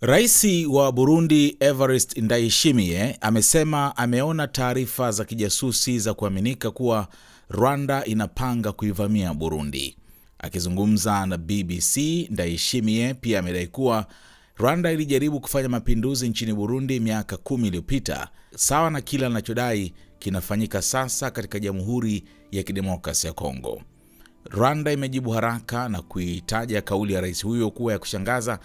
Rais wa Burundi Evariste Ndayishimiye amesema ameona taarifa za kijasusi za kuaminika kuwa Rwanda inapanga kuivamia Burundi. Akizungumza na BBC, Ndayishimiye pia amedai kuwa Rwanda ilijaribu kufanya mapinduzi nchini Burundi miaka kumi iliyopita, sawa na kile anachodai kinafanyika sasa katika Jamhuri ya Kidemokrasi ya Kongo. Rwanda imejibu haraka na kuitaja kauli ya rais huyo kuwa ya kushangaza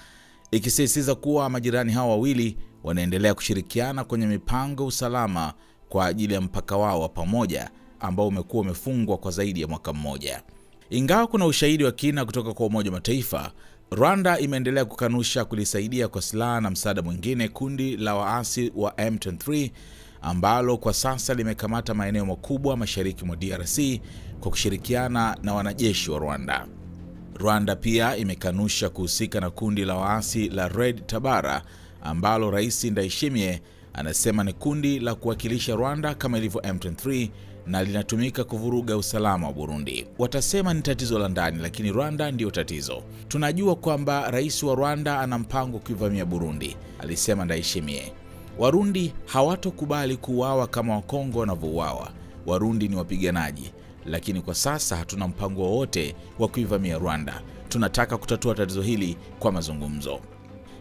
ikisisitiza kuwa majirani hao wawili wanaendelea kushirikiana kwenye mipango usalama kwa ajili ya mpaka wao wa pamoja ambao umekuwa umefungwa kwa zaidi ya mwaka mmoja. Ingawa kuna ushahidi wa kina kutoka kwa Umoja wa Mataifa, Rwanda imeendelea kukanusha kulisaidia kwa silaha na msaada mwingine kundi la waasi wa M23 ambalo kwa sasa limekamata maeneo makubwa mashariki mwa DRC kwa kushirikiana na wanajeshi wa Rwanda. Rwanda pia imekanusha kuhusika na kundi la waasi la Red Tabara ambalo Rais Ndayishimiye anasema ni kundi la kuwakilisha Rwanda kama ilivyo M23 na linatumika kuvuruga usalama wa Burundi. Watasema ni tatizo la ndani, lakini Rwanda ndiyo tatizo. Tunajua kwamba rais wa Rwanda ana mpango kuivamia Burundi, alisema Ndayishimiye. Warundi hawatokubali kuuawa kama Wakongo wanavyouawa. Warundi ni wapiganaji, lakini kwa sasa hatuna mpango wowote wa kuivamia Rwanda. Tunataka kutatua tatizo hili kwa mazungumzo.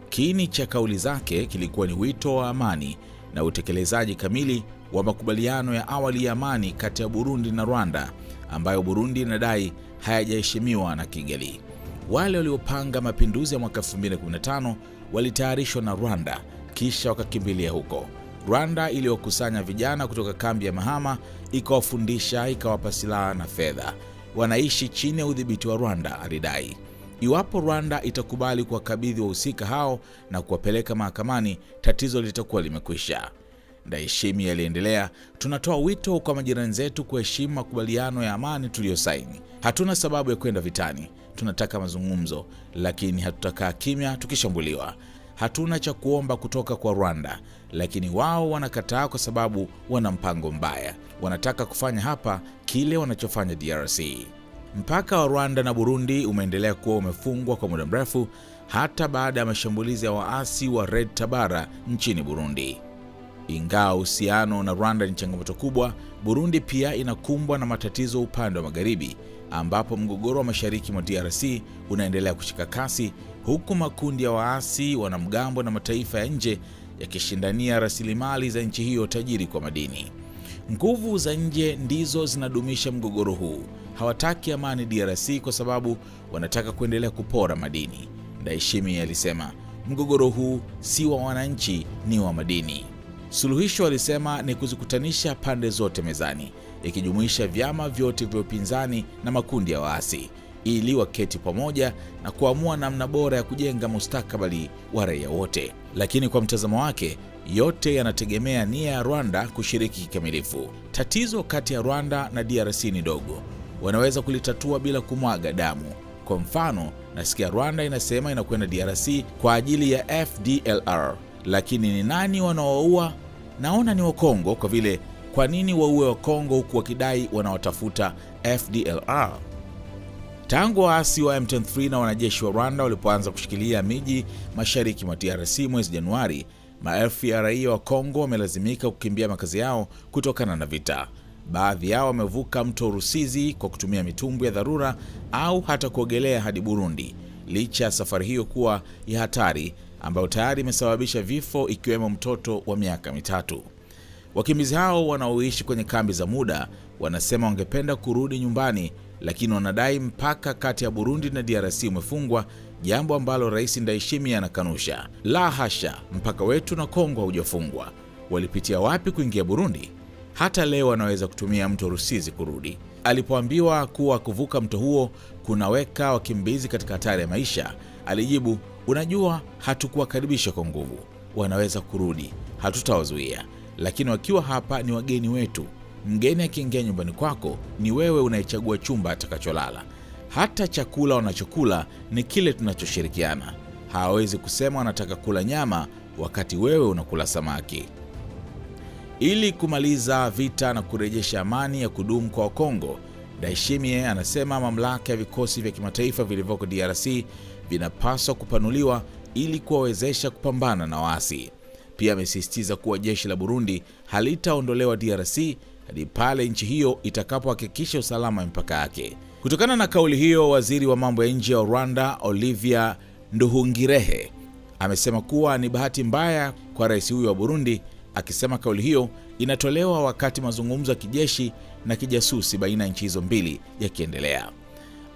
Kiini cha kauli zake kilikuwa ni wito wa amani na utekelezaji kamili wa makubaliano ya awali ya amani kati ya Burundi na Rwanda ambayo Burundi inadai hayajaheshimiwa na Kigali. Wale waliopanga mapinduzi ya mwaka 2015 walitayarishwa na Rwanda kisha wakakimbilia huko. Rwanda iliyokusanya vijana kutoka kambi ya Mahama, ikawafundisha, ikawapa silaha na fedha. Wanaishi chini ya udhibiti wa Rwanda, alidai. Iwapo Rwanda itakubali kuwakabidhi wahusika hao na kuwapeleka mahakamani, tatizo litakuwa limekwisha. Ndayishimiye aliendelea, tunatoa wito kwa majirani zetu kuheshimu makubaliano ya amani tuliyosaini. Hatuna sababu ya kwenda vitani, tunataka mazungumzo, lakini hatutakaa kimya tukishambuliwa hatuna cha kuomba kutoka kwa Rwanda, lakini wao wanakataa kwa sababu wana mpango mbaya. Wanataka kufanya hapa kile wanachofanya DRC. Mpaka wa Rwanda na Burundi umeendelea kuwa umefungwa kwa muda mrefu hata baada ya mashambulizi ya waasi wa Red Tabara nchini Burundi. Ingawa uhusiano na Rwanda ni changamoto kubwa, Burundi pia inakumbwa na matatizo upande wa magharibi ambapo mgogoro wa mashariki mwa DRC unaendelea kushika kasi huku makundi ya waasi, wanamgambo na mataifa ya nje yakishindania rasilimali za nchi hiyo tajiri kwa madini. Nguvu za nje ndizo zinadumisha mgogoro huu. Hawataki amani DRC kwa sababu wanataka kuendelea kupora madini. Ndayishimiye alisema mgogoro huu si wa wananchi, ni wa madini. Suluhisho alisema ni kuzikutanisha pande zote mezani, ikijumuisha vyama vyote vya upinzani na makundi ya waasi ili waketi pamoja na kuamua namna bora ya kujenga mustakabali wa raia wote. Lakini kwa mtazamo wake, yote yanategemea nia ya Rwanda kushiriki kikamilifu. Tatizo kati ya Rwanda na DRC ni dogo, wanaweza kulitatua bila kumwaga damu. Kwa mfano, nasikia Rwanda inasema inakwenda DRC kwa ajili ya FDLR, lakini ni nani wanaoua naona ni Wakongo kwa vile kwa nini waue Wakongo huku wakidai wanaotafuta FDLR? Tangu waasi wa m 3 na wanajeshi wa Rwanda walipoanza kushikilia miji mashariki mwa trc mwezi Januari, maelfu ya raia wa Kongo wamelazimika kukimbia makazi yao kutokana na vita. Baadhi yao wamevuka mto Rusizi kwa kutumia mitumbwi ya dharura au hata kuogelea hadi Burundi, licha ya safari hiyo kuwa ya hatari ambayo tayari imesababisha vifo ikiwemo mtoto wa miaka mitatu. Wakimbizi hao wanaoishi kwenye kambi za muda wanasema wangependa kurudi nyumbani, lakini wanadai mpaka kati ya Burundi na DRC umefungwa, jambo ambalo Rais Ndayishimiye anakanusha. La hasha, mpaka wetu na Kongo haujafungwa. Walipitia wapi kuingia Burundi? Hata leo wanaweza kutumia mto Rusizi kurudi. Alipoambiwa kuwa kuvuka mto huo kunaweka wakimbizi katika hatari ya maisha, alijibu Unajua, hatukuwakaribisha kwa nguvu, wanaweza kurudi, hatutawazuia, lakini wakiwa hapa ni wageni wetu. Mgeni akiingia nyumbani kwako, ni wewe unayechagua chumba atakacholala. Hata chakula wanachokula ni kile tunachoshirikiana. Hawawezi kusema wanataka kula nyama wakati wewe unakula samaki. Ili kumaliza vita na kurejesha amani ya kudumu kwa Wakongo, Daishimie anasema mamlaka ya vikosi vya kimataifa vilivyoko DRC vinapaswa kupanuliwa ili kuwawezesha kupambana na waasi. Pia amesisitiza kuwa jeshi la Burundi halitaondolewa DRC hadi pale nchi hiyo itakapohakikisha usalama wa mipaka yake. Kutokana na kauli hiyo, waziri wa mambo ya nje wa Rwanda Olivia Nduhungirehe amesema kuwa ni bahati mbaya kwa rais huyo wa Burundi, akisema kauli hiyo inatolewa wakati mazungumzo ya kijeshi na kijasusi baina ya nchi hizo mbili yakiendelea.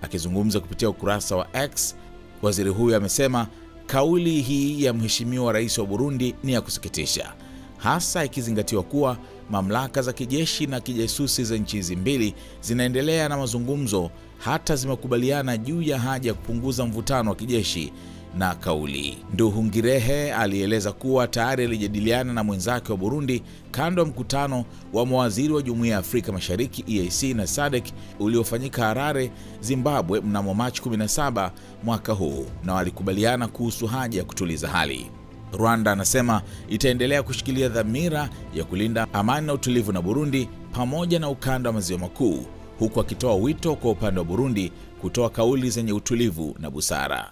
Akizungumza kupitia ukurasa wa X, Waziri huyo amesema kauli hii ya mheshimiwa rais wa Burundi ni ya kusikitisha, hasa ikizingatiwa kuwa mamlaka za kijeshi na kijasusi za nchi hizi mbili zinaendelea na mazungumzo, hata zimekubaliana juu ya haja ya kupunguza mvutano wa kijeshi na kauli. Nduhungirehe alieleza kuwa tayari alijadiliana na mwenzake wa Burundi kando ya mkutano wa mawaziri wa Jumuiya ya Afrika Mashariki EAC na SADC uliofanyika Harare, Zimbabwe mnamo Machi 17 mwaka huu na walikubaliana kuhusu haja ya kutuliza hali. Rwanda anasema itaendelea kushikilia dhamira ya kulinda amani na utulivu na Burundi pamoja na ukanda wa maziwa makuu, huku akitoa wito kwa upande wa Burundi kutoa kauli zenye utulivu na busara.